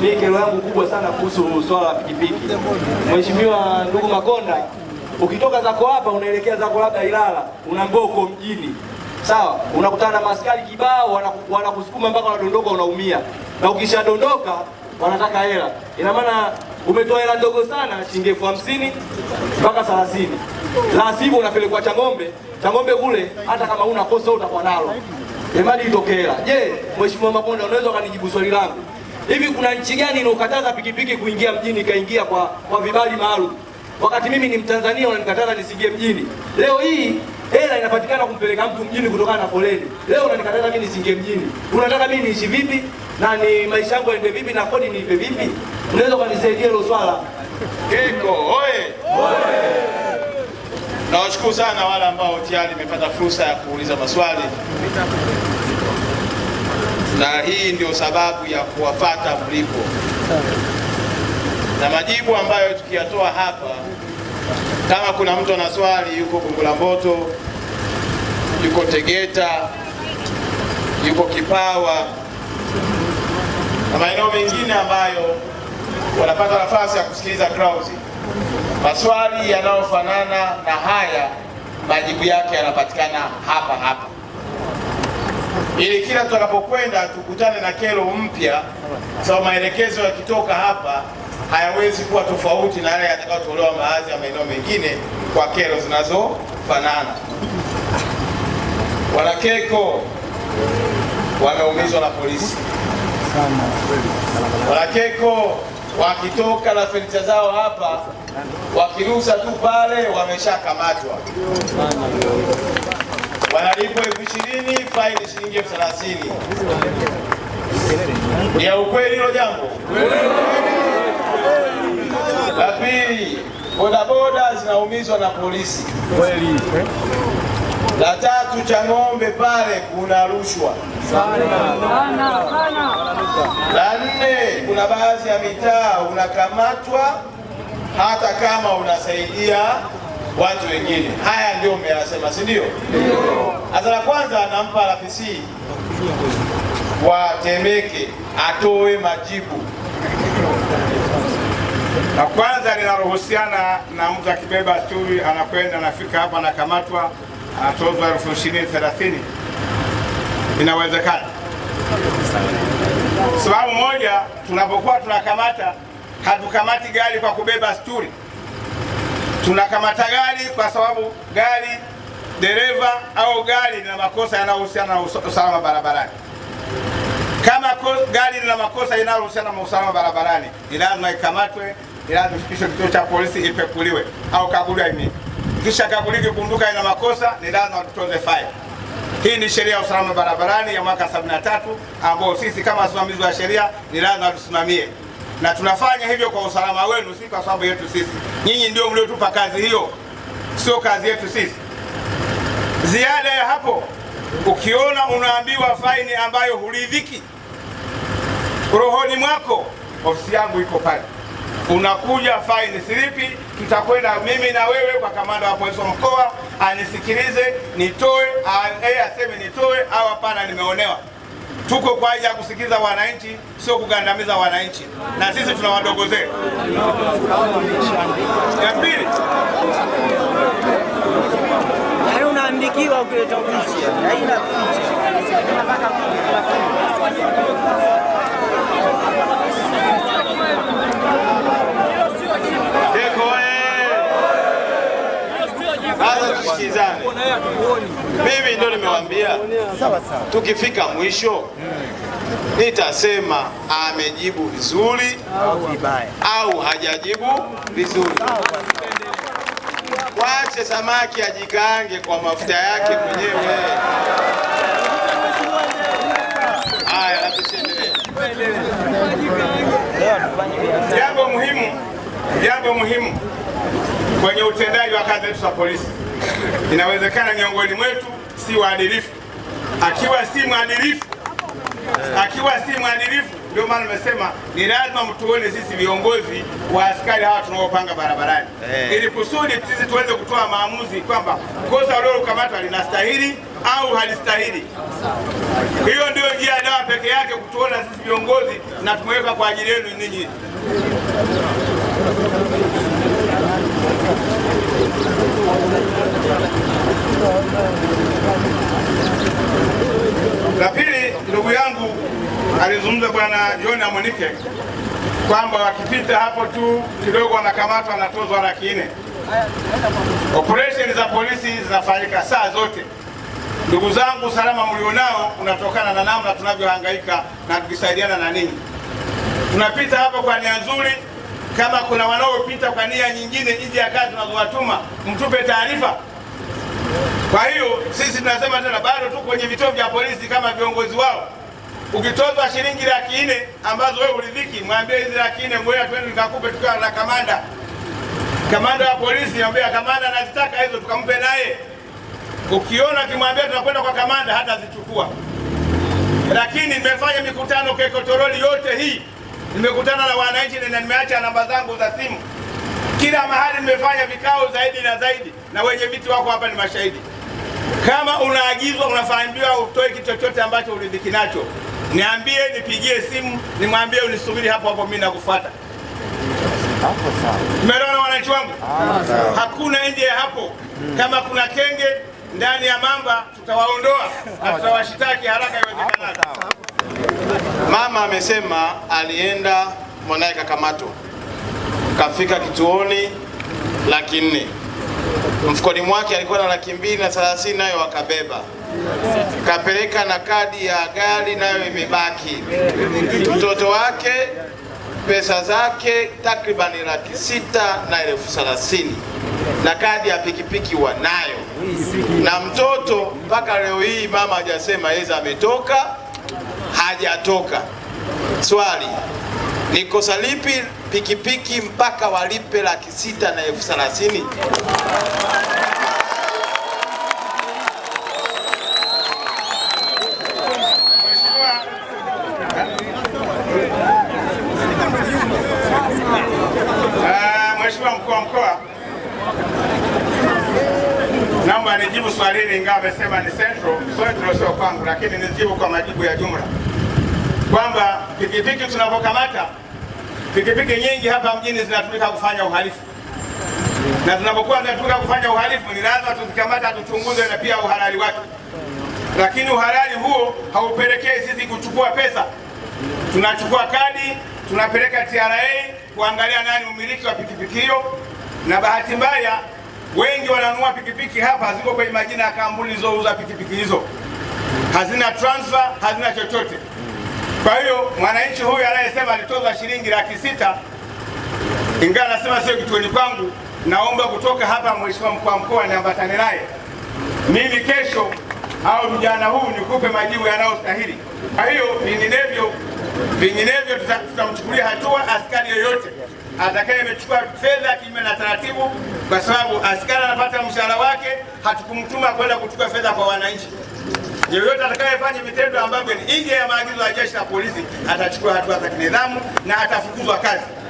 mimi kero yangu kubwa sana kuhusu swala la pikipiki. Mheshimiwa ndugu Makonda, ukitoka zako hapa unaelekea zako labda Ilala, unaambiwa uko mjini, sawa, unakutana na maskari kibao, wanakusukuma mpaka unadondoka, unaumia, na ukishadondoka wanataka hela. Ina maana umetoa hela ndogo sana, shilingi elfu hamsini mpaka thelathini, la sivyo unapelekwa Chang'ombe. Chang'ombe kule hata kama una kosa utakuwa nalo, emadi itokee hela. Je, Mheshimiwa Makonda, unaweza ukanijibu swali langu? Hivi kuna nchi gani inokataza pikipiki kuingia mjini ikaingia kwa, kwa vibali maalum? Wakati mimi ni Mtanzania unanikataza nisingie mjini. Leo hii hela inapatikana kumpeleka mtu mjini kutokana na foleni. Leo unanikataza mimi nisingie mjini. Unataka mimi niishi vipi na ni maisha yangu yaende vipi na kodi niipe vipi? Unaweza ukanisaidia hilo swala? kiko oye! Nawashukuru sana wale ambao tayari nimepata fursa ya kuuliza maswali na hii ndio sababu ya kuwafata mlipo, na majibu ambayo tukiyatoa hapa, kama kuna mtu ana swali, yuko Gongola Mboto, yuko Tegeta, yuko Kipawa na maeneo mengine ambayo wanapata nafasi ya kusikiliza Clouds, maswali yanayofanana na haya majibu yake yanapatikana hapa hapa ili kila tunapokwenda tukutane na kero mpya, sababu maelekezo yakitoka hapa hayawezi kuwa tofauti na yale yatakayotolewa baadhi ya maeneo mengine kwa kero zinazofanana. Wanakeko wameumizwa na polisi. Wanakeko wakitoka na fenicha zao hapa, wakirusa tu pale, wameshakamatwa wanalipwa elfu ishirini faini shilingi elfu thelathini Ni ya ukweli hilo jambo? La pili, bodaboda zinaumizwa na polisi. La tatu, cha ng'ombe pale kuna rushwa. La nne, kuna baadhi ya mitaa unakamatwa hata kama unasaidia watu wengine. Haya ndio umeyasema, si ndio? Sasa la kwanza anampa RPC wa Temeke atoe majibu. La kwanza linaruhusiana na mtu akibeba stuli anakwenda anafika hapa anakamatwa anatozwa elfu ishirini thelathini, inawezekana. Sababu moja, tunapokuwa tunakamata hatukamati gari kwa kubeba stuli tunakamata gari kwa sababu gari dereva au gari lina makosa yanayohusiana na usalama barabarani. Kama gari lina makosa yanayohusiana na usalama barabarani, ni lazima ikamatwe, ni lazima ifikishwe kituo cha polisi, ipekuliwe au kaguliwe mimi. Kisha kaguliki kunduka ina makosa, ni lazima tutoze faini. Hii ni sheria ya usalama barabarani ya mwaka 73 ambayo sisi kama wasimamizi wa sheria ni lazima tusimamie na tunafanya hivyo kwa usalama wenu, si kwa sababu yetu sisi. Nyinyi ndio mliotupa kazi hiyo, sio kazi yetu sisi. Ziada ya hapo, ukiona unaambiwa faini ambayo huridhiki rohoni mwako, ofisi yangu iko pale, unakuja faini silipi, tutakwenda mimi na wewe kwa kamanda wa polisi wa mkoa, anisikilize nitoe, aseme nitoe au hapana, nimeonewa. Tuko kwa ajili ya kusikiza wananchi, sio kugandamiza wananchi, na sisi tuna wadogo zetu. Ya pili eh. sasa tusikizane mimi ndo nimewambia sawa sawa, tukifika mwisho nitasema amejibu vizuri au vibaya au hajajibu vizuri. Wache samaki ajikange kwa mafuta yake mwenyewe. Haya, jambo muhimu, jambo muhimu kwenye utendaji wa kazi yetu za polisi Inawezekana miongoni mwetu si waadilifu. Akiwa si mwadilifu, akiwa si mwadilifu, ndio maana nimesema ni lazima mtuone sisi viongozi wa askari hawa tunaopanga barabarani, eh. ili kusudi sisi tuweze kutoa maamuzi kwamba kosa waliokamatwa linastahili au halistahili. Hiyo ndio njia dawa peke yake, kutuona sisi viongozi na tumeweka kwa ajili yenu ninyi. Mwanamke kwamba wakipita hapo tu kidogo wanakamata wanatozwa laki nne. Operesheni za polisi zinafanyika saa zote. Ndugu zangu, usalama mlionao unatokana na namna tunavyohangaika na tukisaidiana na ninyi. Tunapita hapo kwa nia nzuri. Kama kuna wanaopita kwa nia nyingine nje ya kazi tunazowatuma, mtupe taarifa. Kwa hiyo sisi tunasema tena, bado tu kwenye vituo vya polisi kama viongozi wao Ukitozwa shilingi laki nne ambazo wewe ulidhiki, mwambie hizi laki nne ngoja twende nikakupe, tukawa na kamanda kamanda wa polisi, mwambie kamanda anazitaka hizo, tukampe naye. Ukiona kimwambia tunakwenda kwa kamanda, hata zichukua. Lakini nimefanya mikutano Kekotoroli yote hii, nimekutana na wananchi na nimeacha namba zangu za simu kila mahali, nimefanya vikao zaidi na zaidi, na wenye viti wako hapa ni mashahidi. Kama unaagizwa unafaambiwa utoe kitu chochote ambacho ulidhiki nacho niambie, nipigie simu, nimwambie unisubiri hapo hapo, mimi nakufuata. Umeelewana wananchi wangu? Ah, Hakuna nje ya hapo. Kama kuna kenge ndani ya mamba, tutawaondoa na tutawashitaki haraka iwezekanavyo. Mama amesema alienda mwanaye kakamato, kafika kituoni laki nne mfukoni mwake alikuwa na laki mbili na thelathini, nayo wakabeba kapeleka na kadi ya gari nayo imebaki. Mtoto wake pesa zake takribani laki sita na elfu thelathini na kadi ya pikipiki wanayo, na mtoto mpaka leo hii mama hajasema eza ametoka hajatoka. Swali ni kosa lipi pikipiki mpaka walipe laki sita na elfu thelathini? amenijibu swali hili, ingawa amesema ni central central, sio kwangu, lakini nijibu kwa majibu ya jumla kwamba pikipiki tunapokamata pikipiki nyingi hapa mjini zinatumika kufanya uhalifu, na tunapokuwa zinatumika kufanya uhalifu, ni lazima tuzikamata, tuchunguze na pia uhalali wake. Lakini uhalali huo haupelekei sisi kuchukua pesa, tunachukua kadi, tunapeleka TRA kuangalia nani umiliki wa pikipiki hiyo, na bahati mbaya Wengi wananunua pikipiki hapa haziko kwenye majina ya kampuni zilizouza pikipiki hizo, hazina transfer, hazina chochote. Kwa hiyo mwananchi huyu anayesema alitoza shilingi laki sita ingawa anasema sio kituoni kwangu, naomba kutoka hapa, mheshimiwa mkuu wa mkoa, niambatane naye mimi kesho au mjana huu nikupe majibu yanayostahili. Kwa hiyo vinginevyo, vinginevyo tutamchukulia hatua askari yoyote atakaye amechukua fedha kinyume na taratibu, kwa sababu askari anapata mshahara wake, hatukumtuma kwenda kuchukua fedha kwa wananchi. Yeyote atakayefanya vitendo ambavyo ni nje ya maagizo ya jeshi la polisi atachukua hatua za kinidhamu na atafukuzwa kazi.